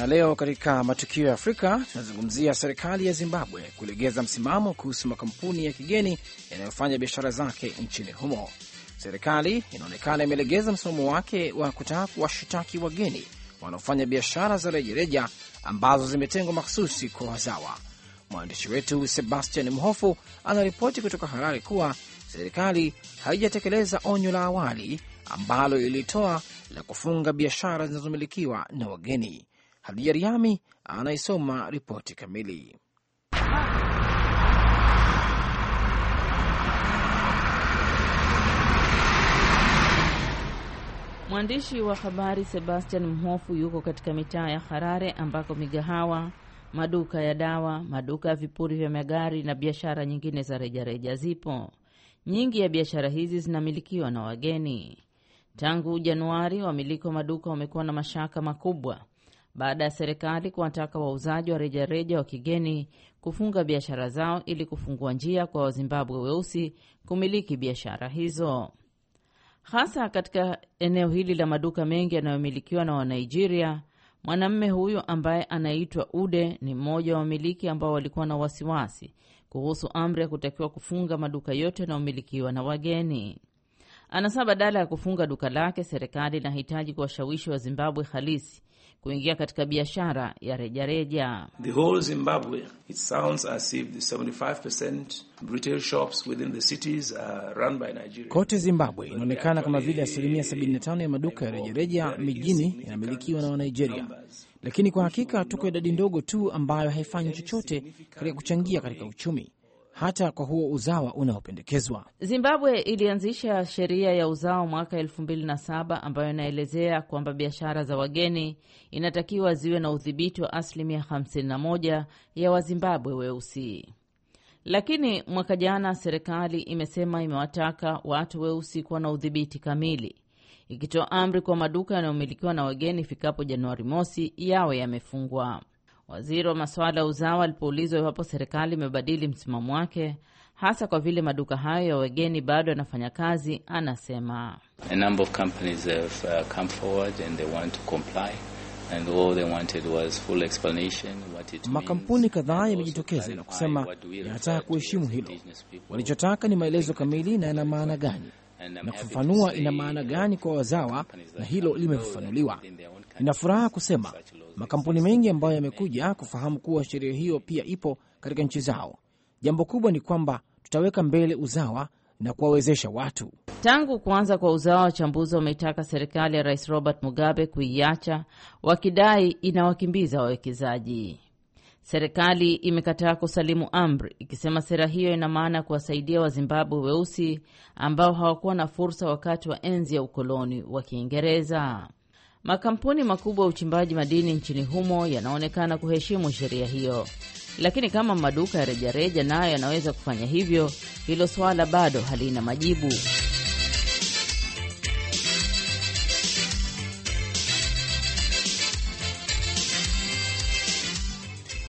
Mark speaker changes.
Speaker 1: Na leo katika matukio ya Afrika tunazungumzia serikali ya Zimbabwe kulegeza msimamo kuhusu makampuni ya kigeni yanayofanya biashara zake nchini humo. Serikali inaonekana imelegeza msimamo wake wa kutaka kuwashitaki wageni wanaofanya biashara za rejareja ambazo zimetengwa mahsusi kwa wazawa. Mwandishi wetu Sebastian Mhofu anaripoti kutoka Harare kuwa serikali haijatekeleza onyo la awali ambalo ilitoa la kufunga biashara zinazomilikiwa na wageni. Hadija Riami anaisoma ripoti kamili.
Speaker 2: Mwandishi wa habari Sebastian Mhofu yuko katika mitaa ya Harare ambako migahawa, maduka ya dawa, maduka ya vipuri vya magari na biashara nyingine za rejareja zipo. Nyingi ya biashara hizi zinamilikiwa na wageni. Tangu Januari, wamiliki wa maduka wamekuwa na mashaka makubwa baada ya serikali kuwataka wauzaji wa rejareja wa kigeni kufunga biashara zao ili kufungua njia kwa Wazimbabwe weusi kumiliki biashara hizo, hasa katika eneo hili la maduka mengi yanayomilikiwa na Wanigeria. Mwanamume huyu ambaye anaitwa Ude ni mmoja wa wamiliki ambao walikuwa na wasiwasi kuhusu amri ya kutakiwa kufunga maduka yote yanayomilikiwa na wageni. Anasema badala ya kufunga duka lake, serikali inahitaji kuwashawishi wa Zimbabwe halisi kuingia katika biashara ya rejareja.
Speaker 1: Kote Zimbabwe inaonekana kama vile asilimia 75 ya maduka ya rejareja mijini yanamilikiwa na Wanigeria, lakini kwa hakika tuko idadi ndogo tu ambayo haifanyi chochote katika kuchangia katika uchumi hata kwa huo uzawa unaopendekezwa.
Speaker 2: Zimbabwe ilianzisha sheria ya uzawa mwaka elfu mbili na saba ambayo inaelezea kwamba biashara za wageni inatakiwa ziwe na udhibiti wa asilimia 51 ya Wazimbabwe weusi. Lakini mwaka jana serikali imesema imewataka watu weusi kuwa na udhibiti kamili, ikitoa amri kwa maduka yanayomilikiwa na wageni ifikapo Januari mosi yawe yamefungwa. Waziri wa masuala ya uzawa alipoulizwa iwapo serikali imebadili msimamo wake hasa kwa vile maduka hayo ya wageni bado yanafanya kazi, anasema
Speaker 1: uh, makampuni kadhaa yamejitokeza na kusema yanataka kuheshimu hilo. Walichotaka ni maelezo kamili na yana maana gani, na kufafanua ina maana gani kwa wazawa, na hilo limefafanuliwa. Ina furaha kusema Makampuni mengi ambayo yamekuja kufahamu kuwa sheria hiyo pia ipo katika nchi zao. Jambo kubwa ni kwamba tutaweka mbele uzawa na kuwawezesha watu.
Speaker 2: Tangu kuanza kwa uzawa, wachambuzi wameitaka serikali ya Rais Robert Mugabe kuiacha, wakidai inawakimbiza wawekezaji. Serikali imekataa kusalimu amri, ikisema sera hiyo ina maana ya kuwasaidia Wazimbabwe weusi ambao hawakuwa na fursa wakati wa enzi ya ukoloni wa Kiingereza. Makampuni makubwa ya uchimbaji madini nchini humo yanaonekana kuheshimu sheria hiyo, lakini kama maduka ya rejareja nayo yanaweza kufanya hivyo, hilo swala bado halina majibu.